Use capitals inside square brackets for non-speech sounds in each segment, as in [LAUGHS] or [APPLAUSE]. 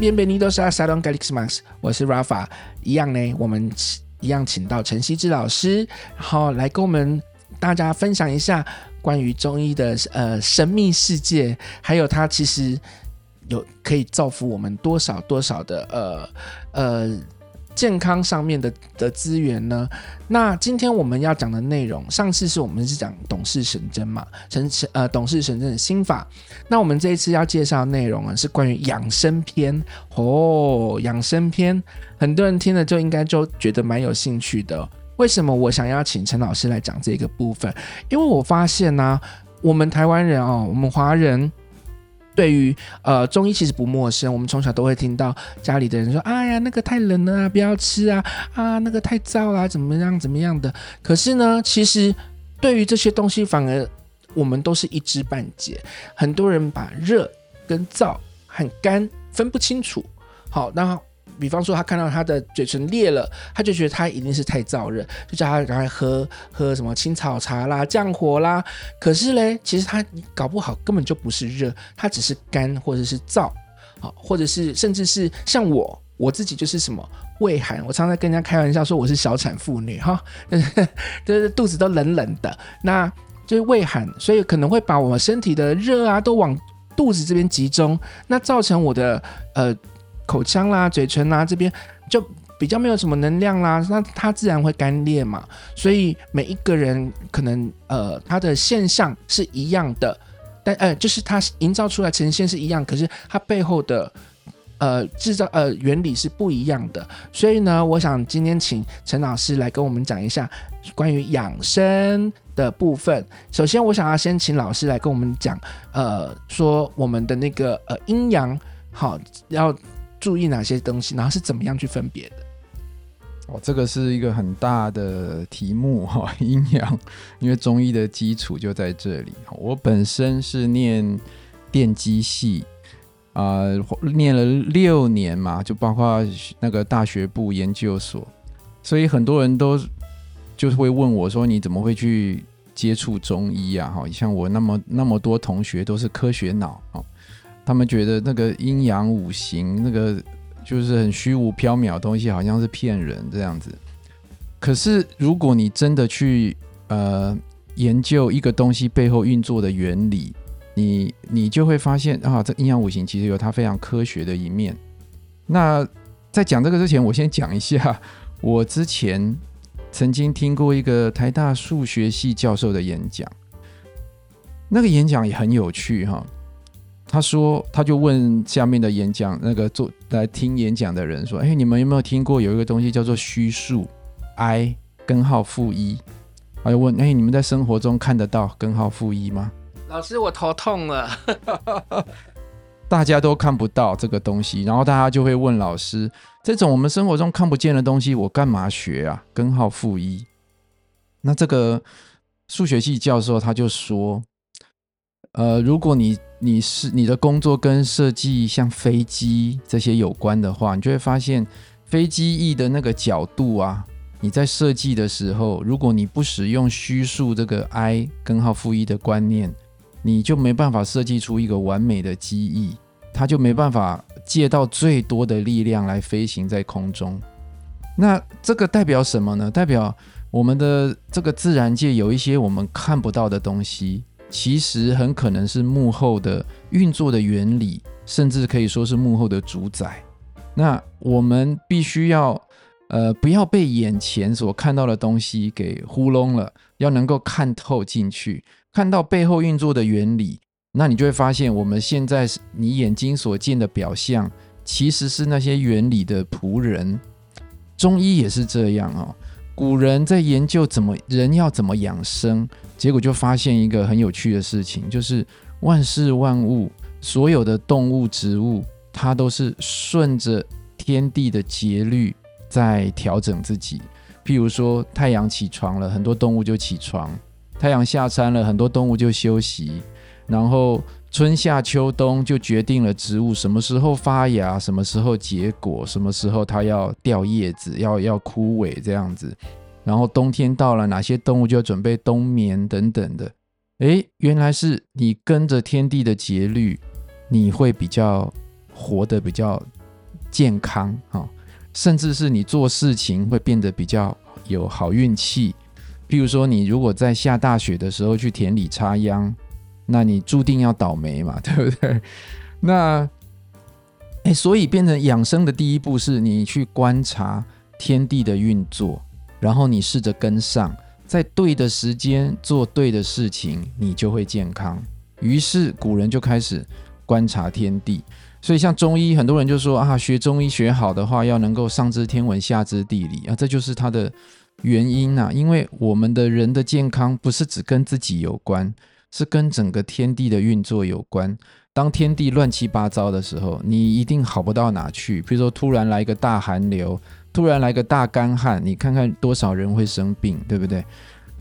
Bienvenido a Salón karisMax 我是 Rafa，一樣呢，我們一樣請到程希智老師，然後來跟我們大家分享一下關於中醫的呃神秘世界，還有它其實有可以造福我們多少多少的呃呃。呃健康上面的的資源呢？那今天我們要講的內容，上次是我們是講《董氏神針》嘛，陳呃《董氏神針》的心法。那我們這一次要介紹的內容啊，是關於養生篇哦，養生篇，很多人聽了就應該就覺得蠻有興趣的。為什麼我想要請程老師來講這個部分？因為我發現呢、啊，我們台灣人哦，我們華人。對於呃中醫其實不陌生，我們從小都會聽到家裡的人說：“哎呀，那個太冷了啊，不要吃啊，啊那個太燥啦，怎麼樣，怎麼樣的。”可是呢，其實對於這些東西，反而我們都是一知半解。很多人把熱跟燥、很乾分不清楚。好，那。比方說，他看到他的嘴唇裂了，他就覺得他一定是太燥熱，就叫他趕快喝喝什麼青草茶啦、降火啦。可是呢，其實他搞不好根本就不是熱，他只是乾或者是燥，好、哦，或者是甚至是像我我自己就是什麼胃寒，我常常跟人家開玩笑說我是小產婦女哈、哦就是，就是肚子都冷冷的，那就是胃寒，所以可能會把我們身體的熱啊都往肚子這邊集中，那造成我的呃。口腔啦、嘴唇啦，這邊就比較沒有什麼能量啦，那它自然會乾裂嘛。所以每一個人可能呃，它的現象是一樣的，但呃，就是它營造出來呈現是一樣，可是它背後的呃製造呃原理是不一樣的。所以呢，我想今天請程老師來跟我們講一下關於養生的部分。首先，我想要先請老師來跟我們講呃，說我們的那個呃陰陽好要注意哪些東西，然後是怎麼樣去分別的？哦，這個是一個很大的題目哈，陰、哦、陽，因為中醫的基礎就在這裡。我本身是念電機系啊、呃，念了六年嘛，就包括那個大學部、研究所，所以很多人都就是會問我說：“你怎麼會去接觸中醫啊？”哈、哦，像我那麼那麼多同學都是科學腦啊。哦他們覺得那個陰陽五行那個就是很虛無縹緲的東西，好像是騙人這樣子。可是如果你真的去呃研究一個東西背後運作的原理，你你就會發現啊，這陰陽五行其實有它非常科學的一面。那在講這個之前，我先講一下我之前曾經聽過一個台大數學系教授的演講，那個演講也很有趣哈。他說，他就問下面的演講那個做來聽演講的人說：“哎、欸，你們有沒有聽過有一個東西叫做虛數 i 根號負一？”他就問：“哎、欸，你們在生活中看得到根號負一嗎？”老師，我頭痛了， [LAUGHS] 大家都看不到這個東西，然後大家就會問老師：“這種我們生活中看不見的東西，我干嘛學啊？根號負一？” 1? 那這個數學系教授他就說。呃，如果你你是你的工作跟設計像飛機這些有關的話，你就會發現飛機翼的那個角度啊，你在設計的時候，如果你不使用虛數這個 i 根號負一的觀念，你就沒辦法設計出一個完美的機翼，它就沒辦法借到最多的力量來飛行在空中。那這個代表什麼呢？代表我們的這個自然界有一些我們看不到的東西。其實很可能是幕後的運作的原理，甚至可以說是幕後的主宰。那我們必須要，呃，不要被眼前所看到的東西給糊弄了，要能夠看透進去，看到背後運作的原理。那你就會發現，我們現在你眼睛所見的表象，其實是那些原理的僕人。中醫也是這樣哦。古人在研究怎麼人要怎麼養生，結果就發現一個很有趣的事情，就是萬事萬物，所有的動物、植物，它都是順着天地的節律在調整自己。譬如說，太陽起床了，很多動物就起床；太陽下山了，很多動物就休息。然後……春夏秋冬就決定了植物什麼時候發芽，什麼時候結果，什麼時候它要掉葉子，要要枯萎這樣子。然後冬天到了，哪些動物就要準備冬眠等等的。誒，原來是你跟着天地的節律，你會比較活得比較健康啊，甚至是你做事情會變得比較有好運氣。譬如說，你如果在下大雪的時候去田裡插秧。那你注定要倒霉嘛，對不對？那，欸，所以變成養生的第一步是，你去觀察天地的運作，然後你試着跟上，在對的時間做對的事情，你就會健康。於是古人就開始觀察天地。所以像中醫，很多人就說啊，學中醫學好的話，要能夠上知天文，下知地理啊，這就是它的原因吶，啊。因為我們的人的健康不是只跟自己有關。是跟整個天地的運作有關。當天地亂七八糟的時候，你一定好不到哪去。譬如說，突然來一個大寒流，突然來個大乾旱，你看看多少人會生病，對不對？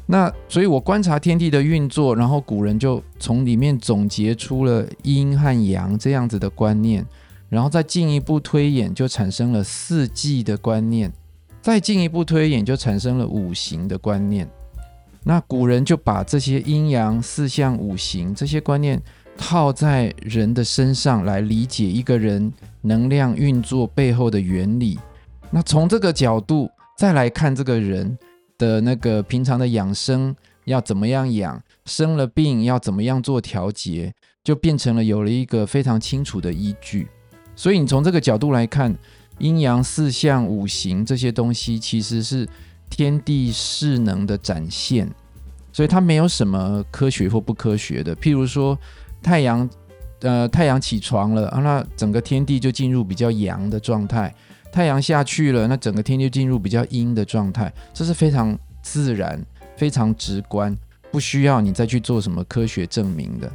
那所以，我觀察天地的運作，然後古人就從裡面總結出了陰和陽這樣子的觀念，然後再進一步推演，就產生了四季的觀念；再進一步推演，就產生了五行的觀念。那古人就把這些陰陽、四象、五行這些觀念套在人的身上，來理解一個人能量運作背後的原理。那從這個角度再來看這個人的那個平常的養生要怎麼樣養，生了病要怎麼樣做調節，就變成了有了一個非常清楚的依據。所以你從這個角度來看，陰陽、四象、五行這些東西其實是天地勢能的展現，所以它沒有什麼科學或不科學的。譬如說，太陽，呃，太陽起床了啊，那整個天地就進入比較陽的狀態；太陽下去了，那整個天就進入比較陰的狀態。這是非常自然、非常直觀，不需要你再去做什麼科學證明的。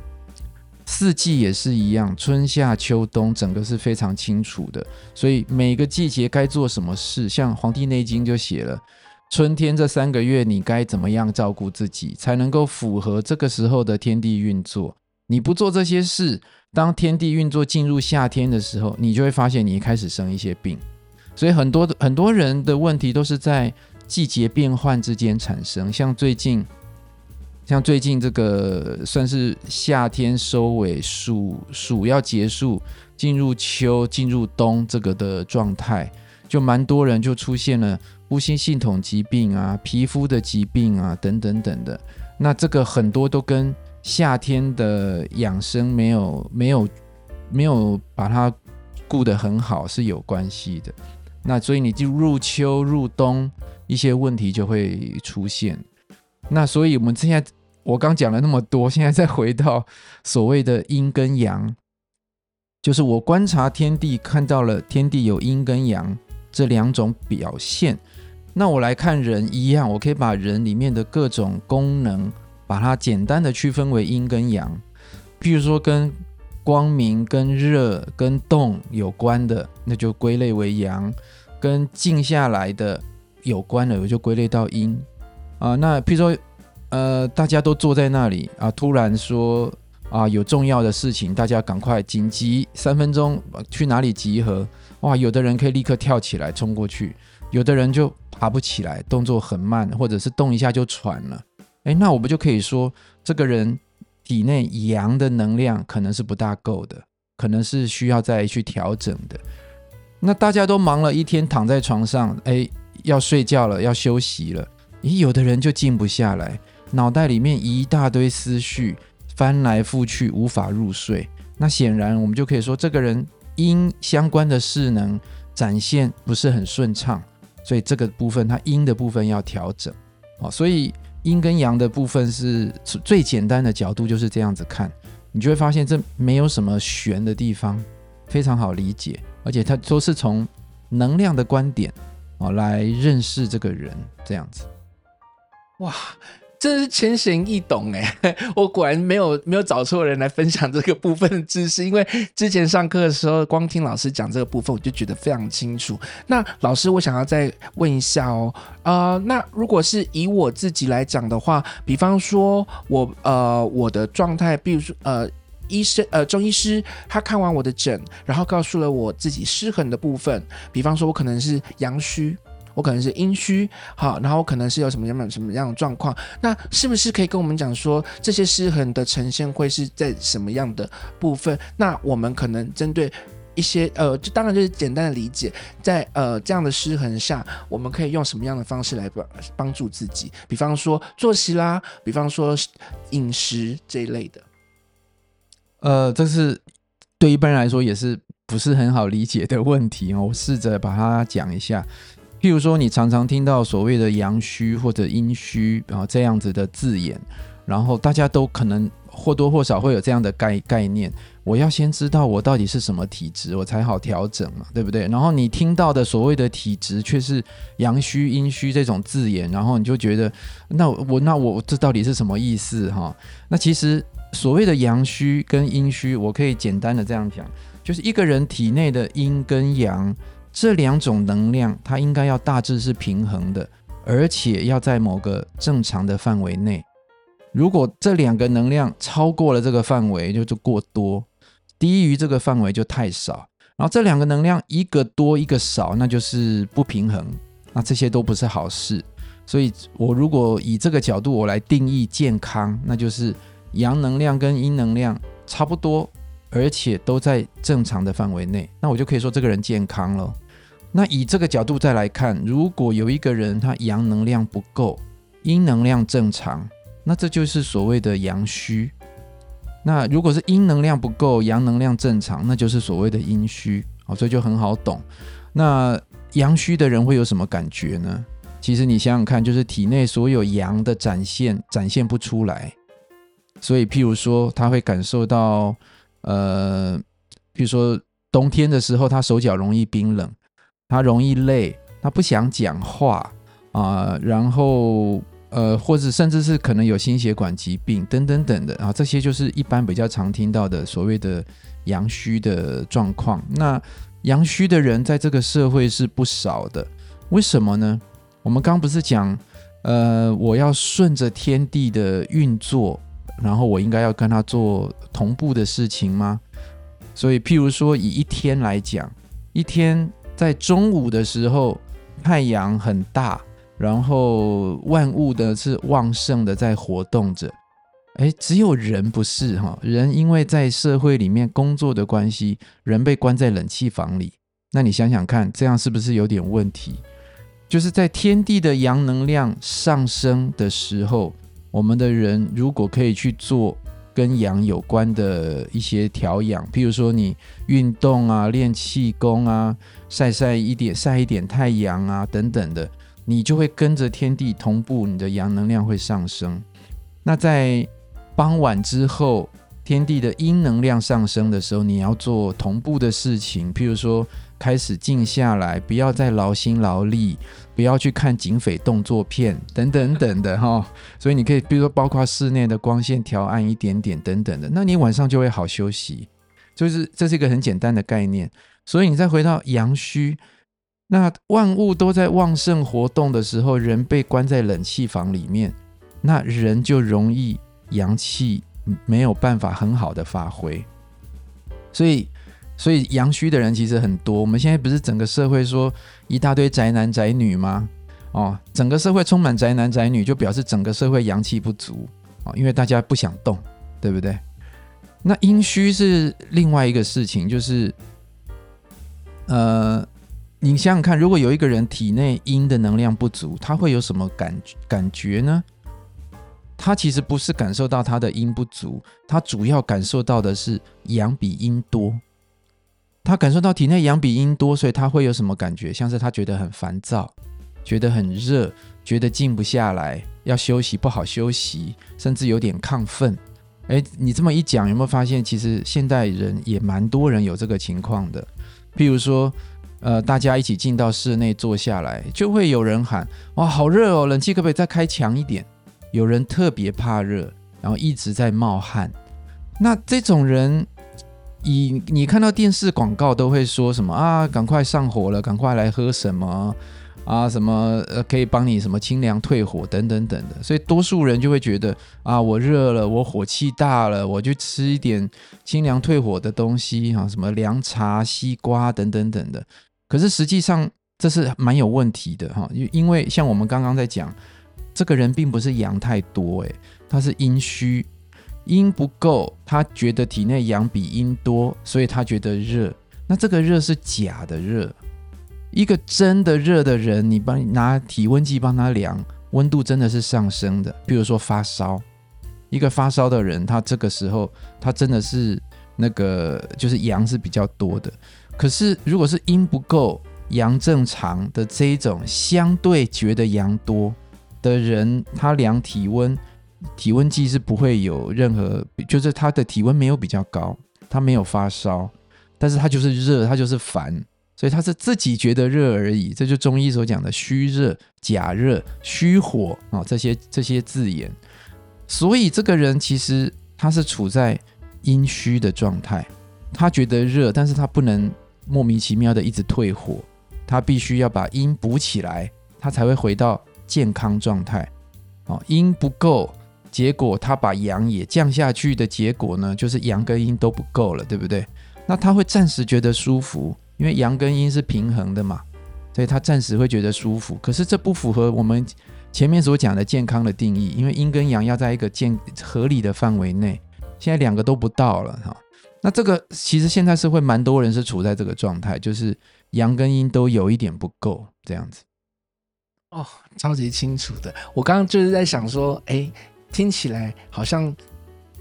四季也是一樣，春夏秋冬整個是非常清楚的，所以每個季節該做什麼事，像《黃帝內經》就寫了。春天這三個月，你該怎麼樣照顧自己，才能夠符合這個時候的天地運作？你不做這些事，當天地運作進入夏天的時候，你就會發現你開始生一些病。所以很多很多人的問題都是在季節變換之間產生。像最近，像最近這個算是夏天收尾暑，暑暑要結束，進入秋，進入冬，這個的狀態，就蠻多人就出現了，呼吸系統疾病啊，皮膚的疾病啊，等等等等的，那這個很多都跟夏天的養生沒有沒有沒有把它顧得很好是有關係的。那所以你就入秋入冬一些問題就會出現。那所以我們現在我剛講了那麼多，現在再回到所謂的陰跟陽，就是我觀察天地看到了天地有陰跟陽這兩種表現。那我來看人一樣，我可以把人裡面的各種功能，把它簡單的區分為陰跟陽。譬如說跟光明、跟熱、跟動有關的，那就歸類為陽；跟靜下來的有關的，我就歸類到陰。啊、呃，那譬如說，呃，大家都坐在那裡啊，突然說啊，有重要的事情，大家趕快緊急三分鐘去哪裡集合，哇，有的人可以立刻跳起來衝過去。有的人就爬不起來，動作很慢，或者是動一下就喘了。誒，那我們就可以說，這個人體內陽的能量可能是不大夠的，可能是需要再去調整的。那大家都忙了一天，躺在床上，誒，要睡覺了，要休息了。咦，有的人就靜不下來，腦袋裡面一大堆思緒，翻來覆去，無法入睡。那顯然，我們就可以說，這個人陰相關的勢能展現不是很順暢。所以這個部分，它陰的部分要調整，啊、哦，所以陰跟陽的部分是最簡單的角度就是這樣子看，你就會發現這沒有什麼玄的地方，非常好理解，而且它都是從能量的觀點，啊、哦，來認識這個人這樣子，哇。真是淺顯易懂哎、欸！我果然沒有沒有找錯人來分享這個部分的知識，因為之前上課的時候光聽老師講這個部分，我就覺得非常清楚。那老師，我想要再問一下哦、喔，啊、呃，那如果是以我自己來講的話，比方說我呃我的狀態，比如說呃醫生呃中醫師他看完我的診，然後告訴了我自己失衡的部分，比方說我可能是陽虛。我可能是陰虛，好，然後可能是有什麼什麼樣什麼樣的狀況，那是不是可以跟我們講說這些失衡的呈現會是在什麼樣的部分？那我們可能針對一些呃，就當然就是簡單的理解，在呃這樣的失衡下，我們可以用什麼樣的方式來幫幫助自己？比方說作息啦，比方說飲食這一類的。呃，這是對一般人來說也是不是很好理解的問題哦，我試着把它講一下。譬如說，你常常聽到所謂的陽虛或者陰虛，然後這樣子的字眼，然後大家都可能或多或少會有這樣的概概念。我要先知道我到底是什麼體質，我才好調整嘛，對不對？然後你聽到的所謂的體質卻是陽虛、陰虛這種字眼，然後你就覺得，那我那我這到底是什麼意思哈？那其實所謂的陽虛跟陰虛，我可以簡單的這樣講，就是一個人體內的陰跟陽。這兩種能量，它應該要大致是平衡的，而且要在某個正常的範圍內。如果這兩個能量超過了這個範圍，就是過多，低於這個範圍就太少。然後這兩個能量一個多一個少，那就是不平衡。那這些都不是好事。所以，我如果以這個角度我來定義健康，那就是陽能量跟陰能量差不多，而且都在正常的範圍內，那我就可以說這個人健康囉。那以這個角度再來看，如果有一個人他陽能量不夠，陰能量正常，那這就是所謂的陽虛。那如果是陰能量不夠，陽能量正常，那就是所謂的陰虛。哦，所以就很好懂。那陽虛的人會有什麼感覺呢？其實你想想看，就是體內所有陽的展現展現不出來。所以譬如說，他會感受到，呃，譬如說冬天的時候，他手腳容易冰冷。他容易累，他不想講話啊，呃，然後呃，或者甚至是可能有心血管疾病等等等等的，啊，這些就是一般比較常聽到的所謂的陽虛的狀況。那陽虛的人在這個社會是不少的，為什麼呢？我們剛剛不是講，呃，我要順着天地的運作，然後我應該要跟他做同步的事情嗎？所以，譬如說以一天來講，一天。在中午的時候，太陽很大，然後萬物的是旺盛的在活動着，誒，只有人不是哈，人因為在社會裡面工作的關係，人被關在冷氣房裡，那你想想看，這樣是不是有點問題？就是在天地的陽能量上升的時候，我們的人如果可以去做。跟陽有關的一些調養，譬如說你運動啊、練氣功啊、晒曬一點、曬一點太陽啊等等的，你就會跟着天地同步，你的陽能量會上升。那在傍晚之後，天地的陰能量上升的時候，你要做同步的事情，譬如說開始靜下來，不要再勞心勞力。不要去看警匪動作片等、等等等的哈，哦，所以你可以比如說，包括室內的光線調暗一點點等等的，那你晚上就會好休息，就是這是一個很簡單的概念。所以你再回到陽虛，那萬物都在旺盛活動的時候，人被關在冷氣房裡面，那人就容易陽氣沒有辦法很好的發揮，所以所以陽虛的人其實很多。我們現在不是整個社會說，一大堆宅男宅女嗎？哦，整個社會充滿宅男宅女，就表示整個社會陽氣不足啊，哦，因為大家不想動，對不對？那陰虛是另外一個事情，就是，呃，你想想看，如果有一個人體內陰的能量不足，他會有什麼感感覺呢？他其實不是感受到他的陰不足，他主要感受到的是陽比陰多。他感受到體內陽比陰多，所以他會有什麼感覺？像是他覺得很煩躁，覺得很熱，覺得靜不下來，要休息不好休息，甚至有點亢奮。誒，你這麼一講，有沒有發現其實現代人也蠻多人有這個情況的？譬如說，呃，大家一起進到室內坐下來，就會有人喊：“哇、哦，好熱哦，冷氣可不可以再開強一點？”有人特別怕熱，然後一直在冒汗。那這種人。你你看到電視廣告都會說什麼啊？趕快上火了，趕快來喝什麼啊？什麼呃可以幫你什麼清涼退火等等等等的。所以多數人就會覺得啊，我熱了，我火氣大了，我就吃一點清涼退火的東西哈、啊，什麼涼茶、西瓜等等等等的。可是實際上這是蠻有問題的哈、啊，因為像我們剛剛在講，這個人並不是陽太多誒、欸，他是陰虛。陰不夠，他覺得體內陽比陰多，所以他覺得熱。那這個熱是假的熱，一個真的熱的人，你幫你拿體溫計幫他量，溫度真的是上升的。比如說發燒，一個發燒的人，他這個時候他真的是那個就是陽是比較多的。可是如果是陰不夠，陽正常的這種相對覺得陽多的人，他量體溫。體溫計是不會有任何，就是他的體溫沒有比較高，他沒有發燒，但是他就是熱，他就是煩，所以他是自己覺得熱而已。這就是中醫所講的虛熱、假熱、虛火啊、哦，這些這些字眼。所以這個人其實他是處在陰虛的狀態，他覺得熱，但是他不能莫名其妙的一直退火，他必須要把陰補起來，他才會回到健康狀態。啊、哦，陰不夠。結果他把陽也降下去的結果呢，就是陽跟陰都不夠了，對不對？那他會暫時覺得舒服，因為陽跟陰是平衡的嘛，所以他暫時會覺得舒服。可是這不符合我們前面所講的健康的定義，因為陰跟陽要在一個健合理的範圍內。現在兩個都不到了哈，哦，那這個其實現在社會蠻多人是處在這個狀態，就是陽跟陰都有一點不夠這樣子。哦，超級清楚的，我剛剛就是在想說，哎。聽起來好像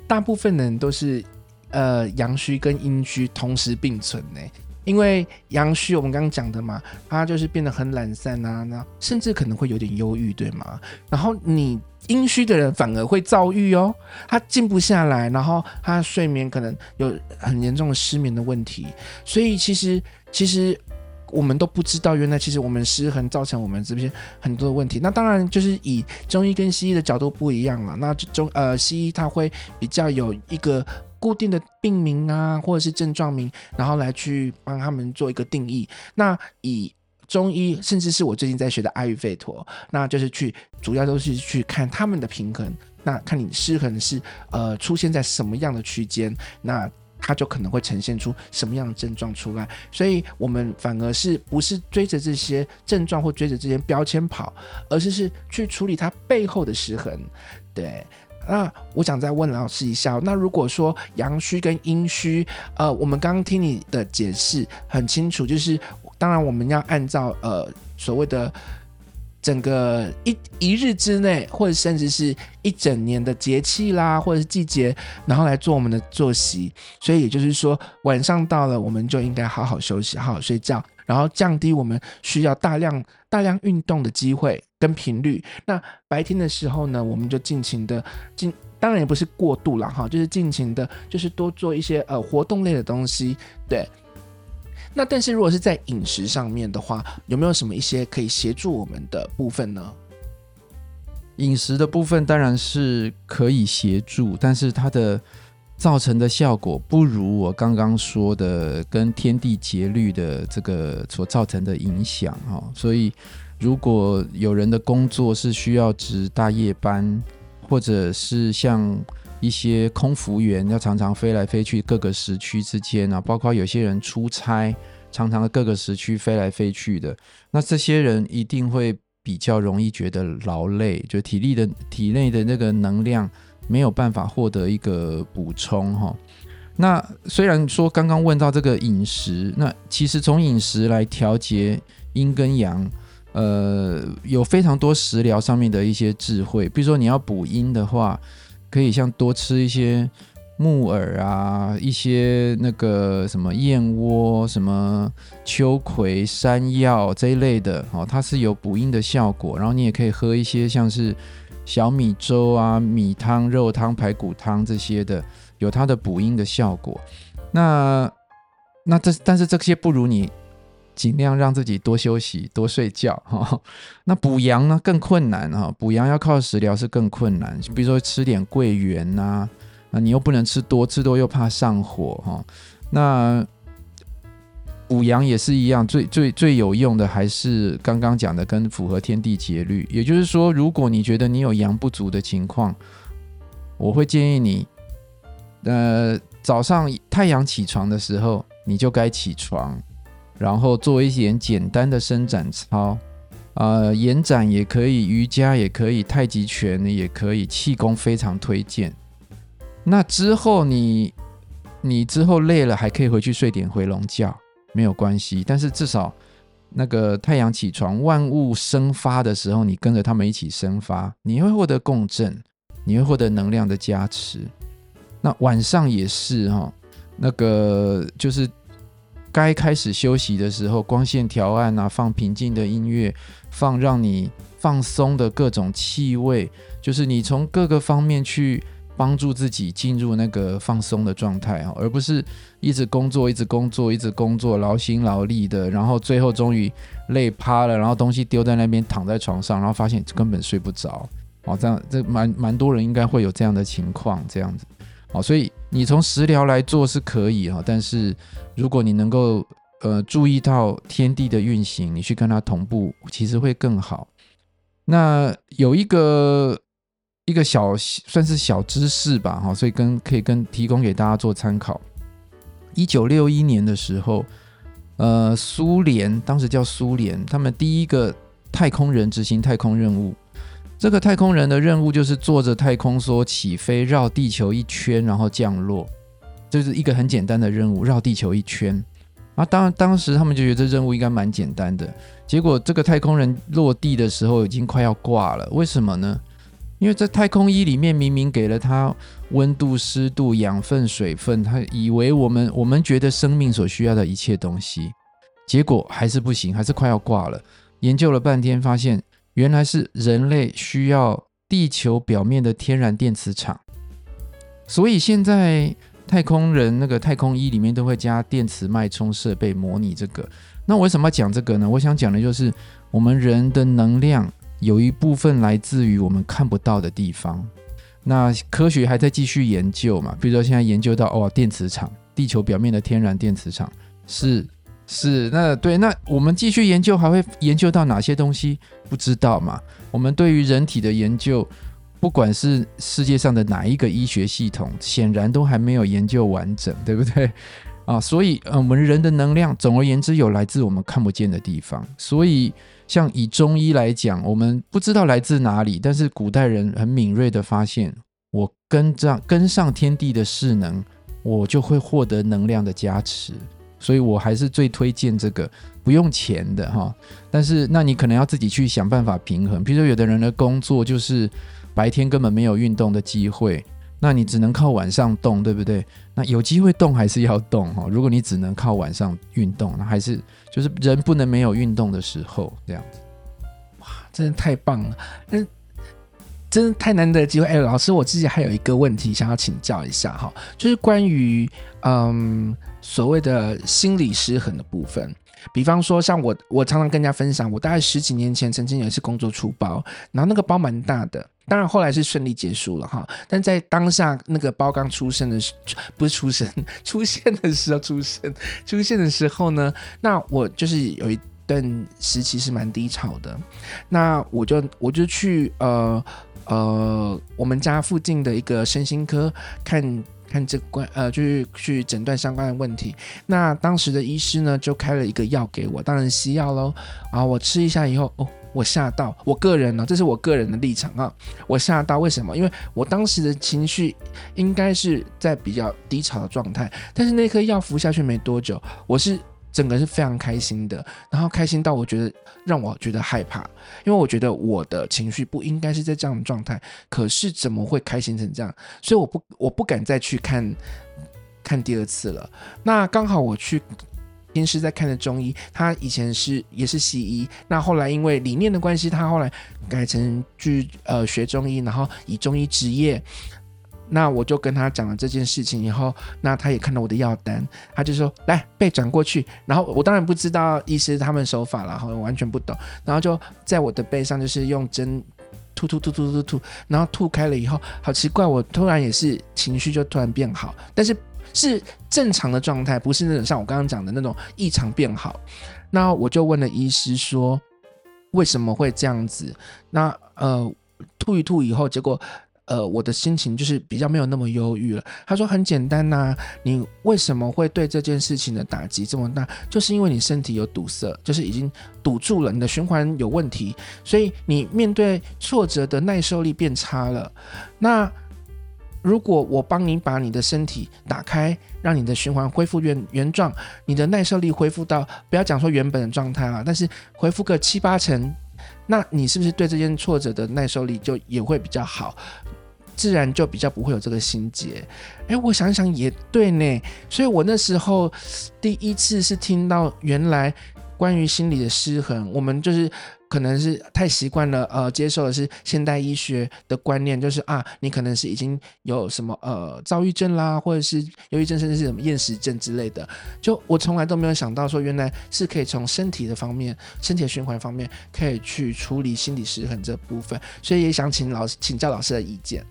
大部分人都是呃陽虛跟陰虛同時並存耶，因為陽虛我們剛剛講的嘛，他就是變得很懶散啊，那甚至可能會有點憂鬱，對嗎？然後你陰虛的人反而會躁鬱哦，他靜不下來，然後他睡眠可能有很嚴重的失眠的問題，所以其實其實。我們都不知道，原來其實我們失衡造成我們這邊很多的問題。那當然就是以中醫跟西醫的角度不一樣了。那中呃，西醫它會比較有一個固定的病名啊，或者是症狀名，然後來去幫他們做一個定義。那以中醫，甚至是我最近在學的阿育吠陀，那就是去主要都是去看他們的平衡，那看你失衡是呃出現在什麼樣的區間，那。它就可能會呈現出什麼樣的症狀出來，所以我們反而是不是追着這些症狀或追着這些標籤跑，而是是去處理它背後的失衡。對，那我想再問老師一下，那如果說陽虛跟陰虛，呃，我們剛剛聽你的解釋很清楚，就是當然我們要按照呃所謂的。整個一一日之內，或者甚至是一整年的節氣啦，或者是季節，然後來做我們的作息。所以也就是說，晚上到了，我們就應該好好休息，好好睡覺，然後降低我們需要大量大量運動的機會跟頻率。那白天的時候呢，我們就盡情的盡，當然也不是過度了哈，就是盡情的，就是多做一些呃活動類的東西，對。那但是如果是在飲食上面的話，有沒有什麼一些可以協助我們的部分呢？飲食的部分當然是可以協助，但是它的造成的效果不如我剛剛說的跟天地節律的這個所造成的影響啊。所以如果有人的工作是需要值大夜班，或者是像。一些空服員要常常飛來飛去各個時區之間啊，包括有些人出差，常常各個時區飛來飛去的。那這些人一定會比較容易覺得勞累，就體力的體內的那個能量沒有辦法獲得一個補充齁。那雖然說剛剛問到這個飲食，那其實從飲食來調節陰跟陽，呃，有非常多食療上面的一些智慧。比如說你要補陰的話。可以像多吃一些木耳啊，一些那個什麼燕窩、什麼秋葵、山藥這一類的哦，它是有補陰的效果。然後你也可以喝一些像是小米粥啊、米湯、肉湯、排骨湯這些的，有它的補陰的效果。那那這但是這些不如你。盡量讓自己多休息、多睡覺哈。 [LAUGHS] 那補陽呢更困難哈，補陽要靠食療是更困難。比如說吃點桂圓吶，啊，你又不能吃多，吃多又怕上火哈。那補陽也是一樣，最最最有用的還是剛剛講的，跟符合天地節律。也就是說，如果你覺得你有陽不足的情況，我會建議你，呃，早上太陽起床的時候你就該起床。然後做一些簡單的伸展操，呃，延展也可以，瑜伽也可以，太極拳也可以，氣功非常推薦。那之後你，你之後累了還可以回去睡點回籠覺，沒有關係。但是至少，那個太陽起床，萬物生发的時候，你跟着他們一起生发，你會獲得共振，你會獲得能量的加持。那晚上也是哈、哦，那個就是。該開始休息的時候，光線調暗啊，放平靜的音樂，放讓你放鬆的各種氣味，就是你從各個方面去幫助自己進入那個放鬆的狀態啊，而不是一直工作，一直工作，一直工作，勞心勞力的，然後最後終於累趴了，然後東西丟在那邊，躺在床上，然後發現根本睡不着哦，這樣這蠻蠻多人應該會有這樣的情況，這樣子啊、哦，所以。你從食療來做是可以哈，但是如果你能夠呃注意到天地的運行，你去跟它同步，其實會更好。那有一個一個小算是小知識吧哈，所以跟可以跟提供給大家做參考。一九六一年的時候，呃，蘇聯當時叫蘇聯，他們第一個太空人執行太空任務。這個太空人的任務就是坐着太空梭起飛，繞地球一圈，然後降落，就是一個很簡單的任務，繞地球一圈。啊，當當時他們就覺得這任務應該蠻簡單的。結果，這個太空人落地的時候已經快要掛了。為什麼呢？因為在太空衣裡面明明給了他溫度、濕度、養分、水分，他以為我們我們覺得生命所需要的一切東西，結果還是不行，還是快要掛了。研究了半天，發現。原來是人類需要地球表面的天然電磁場，所以現在太空人那個太空衣裡面都會加電磁脈衝設備模擬這個。那為什麼要講這個呢？我想講的就是我們人的能量有一部分來自於我們看不到的地方。那科學還在繼續研究嘛？比如說現在研究到哦，電磁場，地球表面的天然電磁場是。是那對，那我們繼續研究還會研究到哪些東西？不知道嘛？我們對於人體的研究，不管是世界上的哪一個醫學系統，顯然都還沒有研究完整，對不對？啊，所以，嗯，我們人的能量，總而言之，有來自我們看不見的地方。所以，像以中醫來講，我們不知道來自哪裡，但是古代人很敏銳的發現，我跟上跟上天地的勢能，我就會獲得能量的加持。所以，我還是最推薦這個不用錢的哈。但是，那你可能要自己去想辦法平衡。比如說，有的人的工作就是白天根本沒有運動的機會，那你只能靠晚上動，對不對？那有機會動還是要動哈。如果你只能靠晚上運動，那還是就是人不能沒有運動的時候這樣子。哇，真的太棒了！那真的太難得的機會。哎，老師，我自己還有一個問題想要請教一下哈，就是關於嗯。所謂的心理失衡的部分，比方說像我，我常常跟大家分享，我大概十幾年前曾經有一次工作出包，然後那個包蠻大的，當然後來是順利結束了哈。但在當下那個包剛出生的時候，不是出生，出現的時候出生，出出現的時候呢，那我就是有一段時期是蠻低潮的，那我就我就去呃呃我們家附近的一個身心科看。看這關呃，去去診斷相關的問題。那當時的醫師呢，就開了一個藥給我，當然西藥嘍啊。我吃一下以後，哦，我嚇到。我個人呢，哦，這是我個人的立場啊。我嚇到，為什麼？因為我當時的情緒應該是在比較低潮的狀態，但是那顆藥服下去沒多久，我是。整個是非常開心的，然後開心到我覺得讓我覺得害怕，因為我覺得我的情緒不應該是在這樣的狀態，可是怎麼會開心成這樣？所以我不，我不敢再去看，看第二次了。那剛好我去先是在看的中醫，他以前是也是西醫，那後來因為理念的關係，他後來改成去呃學中醫，然後以中醫執業。那我就跟他講了這件事情以後，那他也看到我的藥單，他就說，來，背轉過去。然後我當然不知道醫師他們手法啦，好像完全不懂。然後就在我的背上，就是用針吐吐吐吐吐吐，然後吐開了以後，好奇怪，我突然也是情緒就突然變好，但是是正常的狀態，不是那種像我剛剛講的那種異常變好。那我就問了醫師說，為什麼會這樣子？那呃，吐一吐以後，結果。呃，我的心情就是比較沒有那麼憂鬱了。他說很簡單吶、啊，你為什麼會對這件事情的打擊這麼大？就是因為你身體有堵塞，就是已經堵住了，你的循環有問題，所以你面對挫折的耐受力變差了。那如果我幫你把你的身體打開，讓你的循環恢復原原狀，你的耐受力恢復到不要講說原本的狀態啊，但是恢復個七八成，那你是不是對這件挫折的耐受力就也會比較好？自然就比較不會有這個心結。哎、欸，我想想也對呢。所以我那時候第一次是聽到，原來關於心理的失衡，我們就是可能是太習慣了，呃，接受的是現代醫學的觀念，就是啊，你可能是已經有什麼呃，躁鬱症啦，或者是憂鬱症，甚至是什麼厭食症之類的。就我從來都沒有想到說，原來是可以從身體的方面、身體的循環方面可以去處理心理失衡這部分。所以也想請老師請教老師的意見。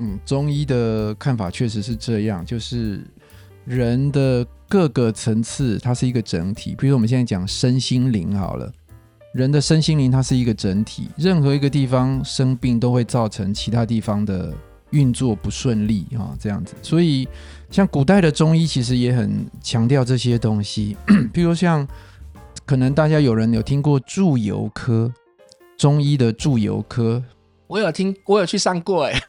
嗯，中醫的看法確實是這樣，就是人的各個層次它是一個整體。比如我們現在講身心靈，好了，人的身心靈它是一個整體，任何一個地方生病都會造成其他地方的運作不順利啊、哦，這樣子。所以，像古代的中醫其實也很強調這些東西，比 [COUGHS] 如像可能大家有人有聽過祝由科，中醫的祝由科。我有聽，我有去上過哎，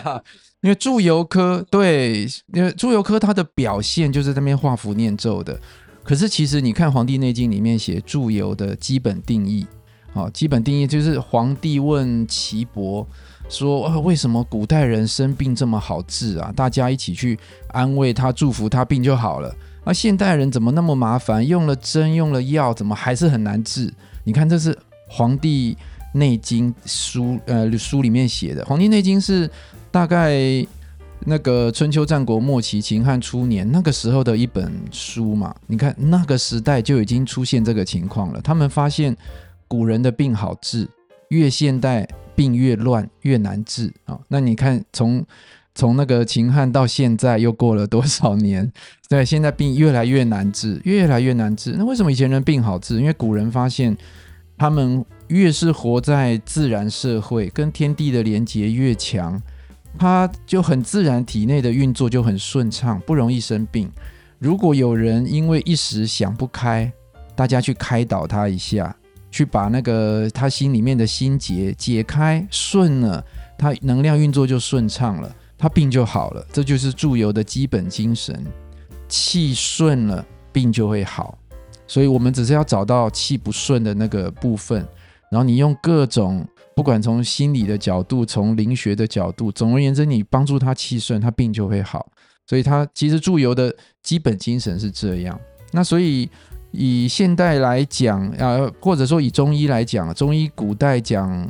[LAUGHS] 因為祝由科，對，因為祝由科它的表現就是在那邊畫符念咒的。可是其實你看《黃帝內經》裡面寫祝由的基本定義，好、哦，基本定義就是皇帝問岐伯說、啊：“為什麼古代人生病這麼好治啊？大家一起去安慰他、祝福他，病就好了。而、啊、現代人怎麼那麼麻煩？用了針，用了藥，怎麼還是很難治？你看這是皇帝。”《內經》書，呃，書裡面寫的《黃帝內經》是大概那個春秋戰國末期、秦漢初年那個時候的一本書嘛。你看那個時代就已經出現這個情況了。他們發現古人的病好治，越現代病越亂，越難治啊。哦，那你看從從那個秦漢到現在又過了多少年？對，現在病越來越難治，越來越難治。那為什麼以前人病好治？因為古人發現他們。越是活在自然社會，跟天地的連接越強，他就很自然，體內的運作就很順暢，不容易生病。如果有人因為一時想不開，大家去開導他一下，去把那個他心裡面的心結解開，順了，他能量運作就順暢了，他病就好了。這就是祝由的基本精神，氣順了，病就會好。所以，我們只是要找到氣不順的那個部分。然後你用各種，不管從心理的角度，從靈學的角度，總而言之，你幫助他氣順，他病就會好。所以，他其實祝由的基本精神是這樣。那所以，以現代來講，啊、呃，或者說以中醫來講，中醫古代講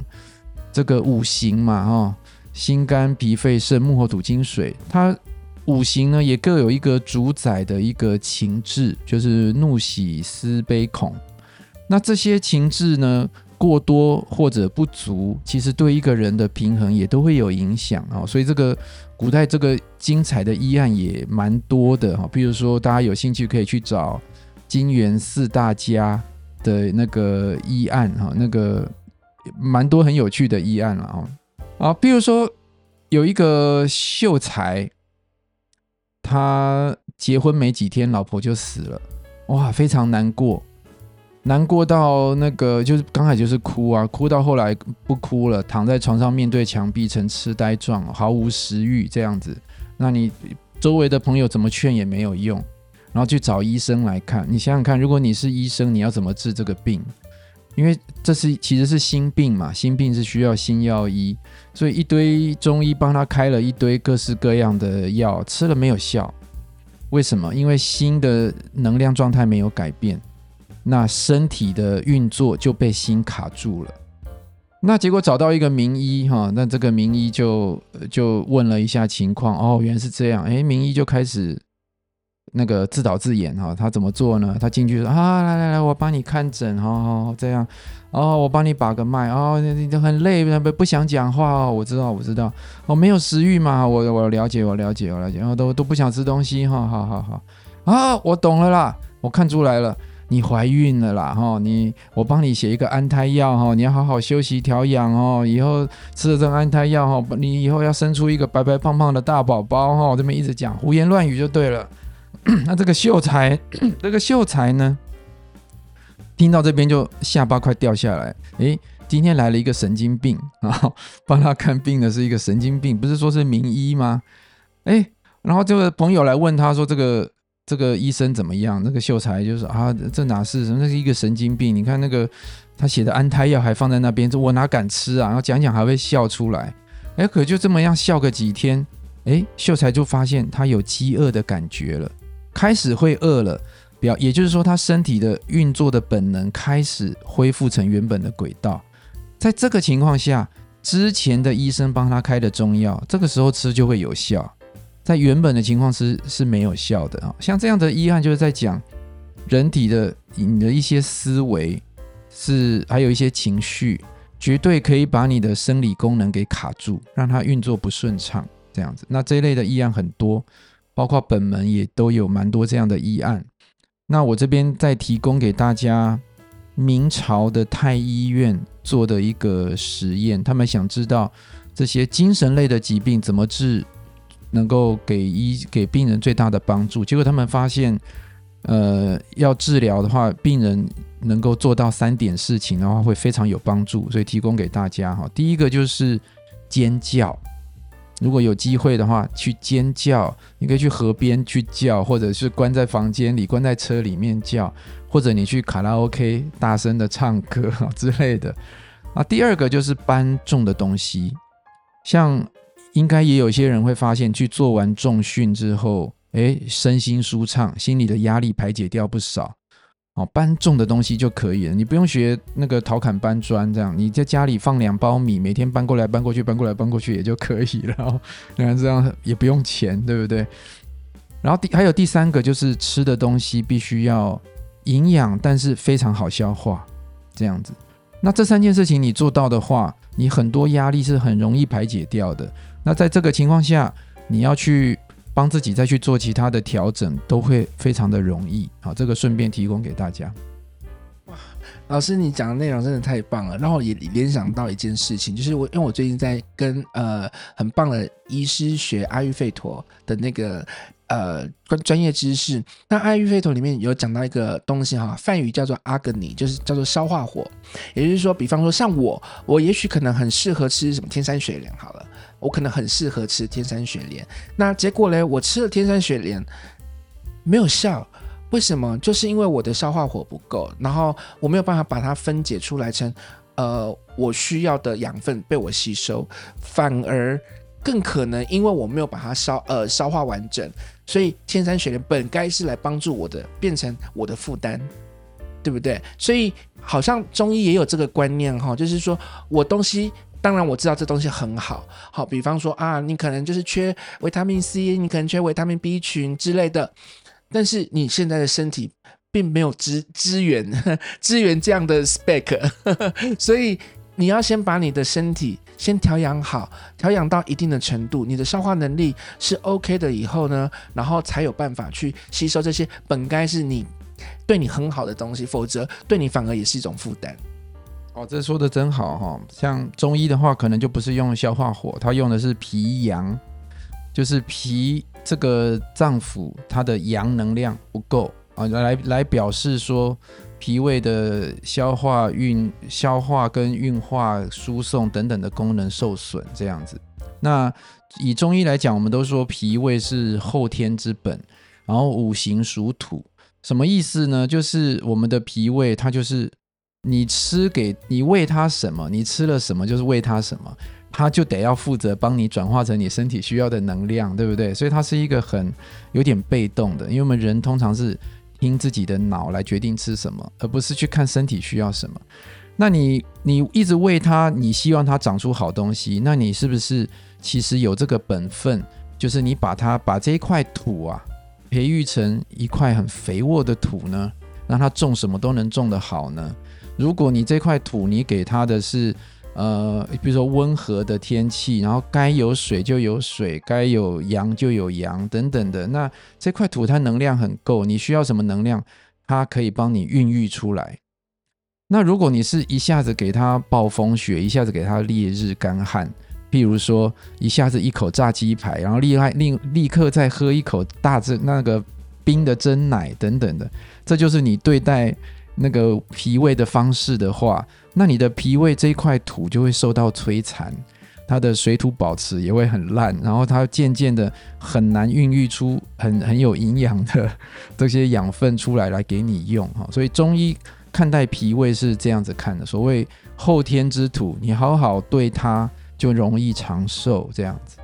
這個五行嘛，哈、哦，心肝脾肺腎木火土金水，它五行呢也各有一個主宰的一個情志，就是怒喜思悲恐。那這些情志呢，過多或者不足，其實對一個人的平衡也都會有影響哦，所以這個古代這個精彩的醫案也蠻多的哈。比如說，大家有興趣可以去找金元四大家的那個醫案哈，那個蠻多很有趣的醫案了啊啊。比如說有一個秀才，他結婚沒幾天，老婆就死了，哇，非常難過。難過到那個就是剛才就是哭啊，哭到後來不哭了，躺在床上面對牆壁呈痴呆狀，毫無食慾這樣子。那你周圍的朋友怎麼勸也沒有用，然後去找醫生來看。你想想看，如果你是醫生，你要怎麼治這個病？因為這是其實是心病嘛，心病是需要心藥醫，所以一堆中醫幫他開了一堆各式各樣的藥，吃了沒有效。為什麼？因為心的能量狀態沒有改變。那身體的運作就被心卡住了。那結果找到一個名醫哈、哦，那這個名醫就就問了一下情況哦，原來是這樣，哎，名醫就開始那個自導自演哈，他、哦、怎麼做呢？他進去說啊，來來來，我幫你看診，哦、好好這樣，哦，我幫你把個脈，哦，你都很累，不不想講話哦，我知道，我知道，我、哦、沒有食慾嘛，我我了解，我了解，我了解，然後、哦、都都不想吃東西哈，哈、哦、哈。啊，我懂了啦，我看出來了。你懷孕了啦，哈、哦！你我幫你寫一個安胎藥，哈、哦！你要好好休息調養，哦，以後吃了這個安胎藥，哈、哦，你以後要生出一個白白胖胖的大寶寶，哈、哦！我這邊一直講胡言亂語就對了。 [COUGHS] 那這個秀才， [COUGHS] 這個秀才呢，聽到這邊就下巴快掉下來，誒、欸，今天來了一個神經病啊，幫他看病的是一個神經病，不是說是名醫嗎？誒、欸，然後這位朋友來問他說，這個。這個醫生怎麼樣？那個秀才就說、是、啊，這哪是什麼？那是一個神經病！你看那個他寫的安胎藥還放在那邊，這我哪敢吃啊？然後講講還會笑出來，哎，可就這麼樣笑個幾天，哎，秀才就發現他有飢餓的感覺了，開始會餓了，表也就是說他身體的運作的本能開始恢復成原本的軌道。在這個情況下，之前的醫生幫他開的中藥，這個時候吃就會有效。在原本的情況是是沒有效的啊，像這樣的醫案就是在講人體的你的一些思維是還有一些情緒，絕對可以把你的生理功能給卡住，讓它運作不順暢這樣子。那這一類的醫案很多，包括本門也都有蠻多這樣的醫案。那我這邊再提供給大家明朝的太醫院做的一個實驗，他們想知道這些精神類的疾病怎麼治。能夠給醫給病人最大的幫助，結果他們發現，呃，要治療的話，病人能夠做到三點事情的話，會非常有幫助，所以提供給大家哈。第一個就是尖叫，如果有機會的話，去尖叫，你可以去河邊去叫，或者是關在房間裡、關在車裡面叫，或者你去卡拉 OK 大聲的唱歌之類的。啊，第二個就是搬重的東西，像。應該也有些人會發現，去做完重訓之後，誒，身心舒暢，心裡的壓力排解掉不少。好、哦，搬重的東西就可以了，你不用學那個陶侃搬磚這樣。你在家裡放兩包米，每天搬過來搬過去，搬過來搬過去也就可以了。然後，然後這樣也不用錢，對不對？然後第還有第三個就是吃的東西必須要營養，但是非常好消化，這樣子。那這三件事情你做到的話，你很多壓力是很容易排解掉的。那在這個情況下，你要去幫自己再去做其他的調整，都會非常的容易。好，這個順便提供給大家。哇，老師，你講的內容真的太棒了。然後也聯想到一件事情，就是我因為我最近在跟呃很棒的醫師學阿育吠陀的那個呃專業知識。那阿育吠陀裡面有講到一個東西哈，梵語叫做阿格尼，就是叫做消化火。也就是說，比方說像我，我也許可能很適合吃什麼天山雪蓮。好了。我可能很適合吃天山雪蓮，那結果呢？我吃了天山雪蓮沒有效，為什麼？就是因為我的消化火不夠，然後我沒有辦法把它分解出來成呃我需要的養分被我吸收，反而更可能因為我沒有把它燒呃消化完整，所以天山雪蓮本該是來幫助我的，變成我的負擔，對不對？所以好像中醫也有這個觀念哈、哦，就是說我東西。當然我知道這東西很好，好比方說啊，你可能就是缺維他命 C，你可能缺維他命 B 群之類的，但是你現在的身體並沒有資資源呵資源這樣的 spec，所以你要先把你的身體先調養好，調養到一定的程度，你的消化能力是 OK 的以後呢，然後才有辦法去吸收這些本該是你對你很好的東西，否則對你反而也是一種負擔。哦，這說得真好哈！像中醫的話，可能就不是用消化火，它用的是脾陽，就是脾這個臟腑它的陽能量不夠啊，來來表示說脾胃的消化運、消化跟運化輸送等等的功能受損這樣子。那以中醫來講，我們都說脾胃是後天之本，然後五行屬土，什麼意思呢？就是我們的脾胃它就是。你吃給你餵它什麼，你吃了什麼就是餵它什麼，它就得要負責幫你轉化成你身體需要的能量，對不對？所以它是一個很有點被動的，因為我們人通常是聽自己的腦來決定吃什麼，而不是去看身體需要什麼。那你你一直餵它，你希望它長出好東西，那你是不是其實有這個本分，就是你把它把這一塊土啊培育成一塊很肥沃的土呢，讓它種什麼都能種得好呢？如果你這塊土你給它的是，呃，比如說溫和的天氣，然後該有水就有水，該有陽就有陽等等的，那這塊土它能量很夠，你需要什麼能量，它可以幫你孕育出來。那如果你是一下子給它暴風雪，一下子給它烈日乾旱，譬如說一下子一口炸雞排，然後立刻立立刻再喝一口大汁那個冰的珍奶等等的，這就是你對待。那個脾胃的方式的話，那你的脾胃這塊土就會受到摧殘，它的水土保持也會很爛，然後它漸漸的很難孕育出很很有營養的這些養分出來來給你用哈。所以中醫看待脾胃是這樣子看的，所謂後天之土，你好好對它就容易長壽這樣子。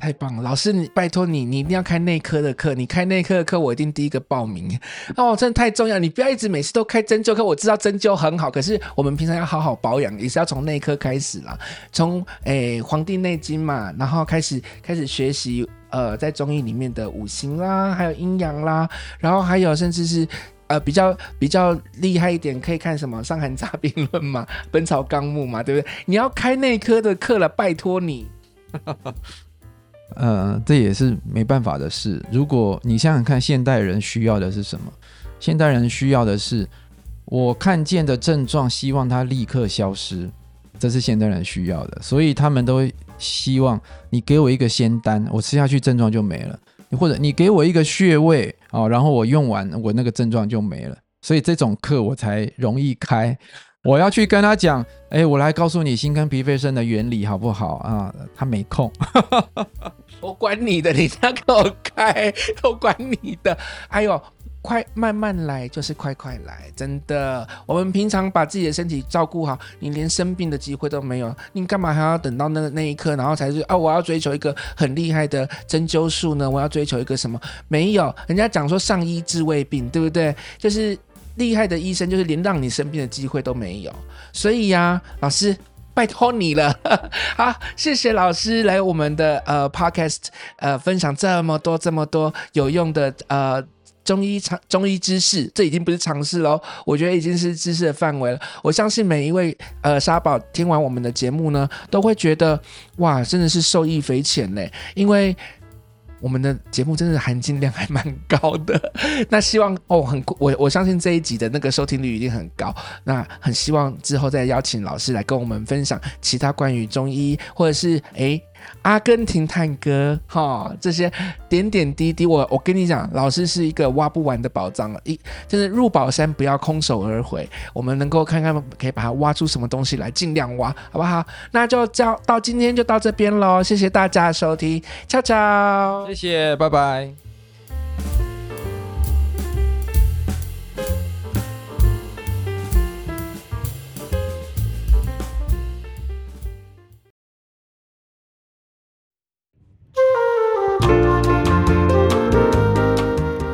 太棒了，老師，你拜托你，你一定要開內科的課。你開內科的課，我一定第一個報名。哦，真的太重要，你不要一直每次都開針灸課。我知道針灸很好，可是我們平常要好好保養，也是要從內科開始啦。從誒《黃帝內經》嘛，然後開始開始學習，呃，在中醫裡面的五行啦，還有陰陽啦，然後還有甚至是呃比較比較厲害一點，可以看什麼《傷寒雜病論》嘛，《本草綱目》嘛，對不對？你要開內科的課了，拜托你。 [LAUGHS] 呃，這也是沒辦法的事。如果你想想看，現代人需要的是什麼？現代人需要的是我看見的症狀，希望它立刻消失，這是現代人需要的。所以他們都希望你給我一個仙丹，我吃下去症狀就沒了；或者你給我一個穴位啊，哦，然後我用完我那個症狀就沒了。所以這種課我才容易開。我要去跟他講，誒，我來告訴你心肝脾肺腎的原理好不好啊？他沒空， [LAUGHS] 我管你的，你我開，都管你的。哎呦，快慢慢來，就是快快來，真的。我們平常把自己的身體照顧好，你連生病的機會都沒有，你幹嘛還要等到那那一刻，然後才是啊？我要追求一個很厲害的針灸術呢？我要追求一個什麼？沒有，人家講說上醫治未病，對不對？就是。厲害的醫生就是連讓你生病的機會都沒有，所以呀、啊，老師拜托你了。 [LAUGHS] 好，謝謝老師來我們的呃 Podcast，呃分享這麼多這麼多有用的呃中醫常中醫知識，這已經不是常識嘍，我覺得已經是知識的範圍了。我相信每一位呃沙寶聽完我們的節目呢，都會覺得哇，真的是受益匪淺呢，因為。我們的節目真的含金量還蠻高的，那希望哦，很我我相信這一集的那個收聽率一定很高，那很希望之後再邀請老師來跟我們分享其他關於中醫或者是哎。誒阿根廷探戈，哈，這些點點滴滴，我我跟你講，老師是一個挖不完的寶藏一、欸、就是入寶山不要空手而回，我們能夠看看可以把它挖出什麼東西來，盡量挖，好不好？那就教到今天就到這邊嘍，謝謝大家的收聽，翹翹，謝謝，拜拜。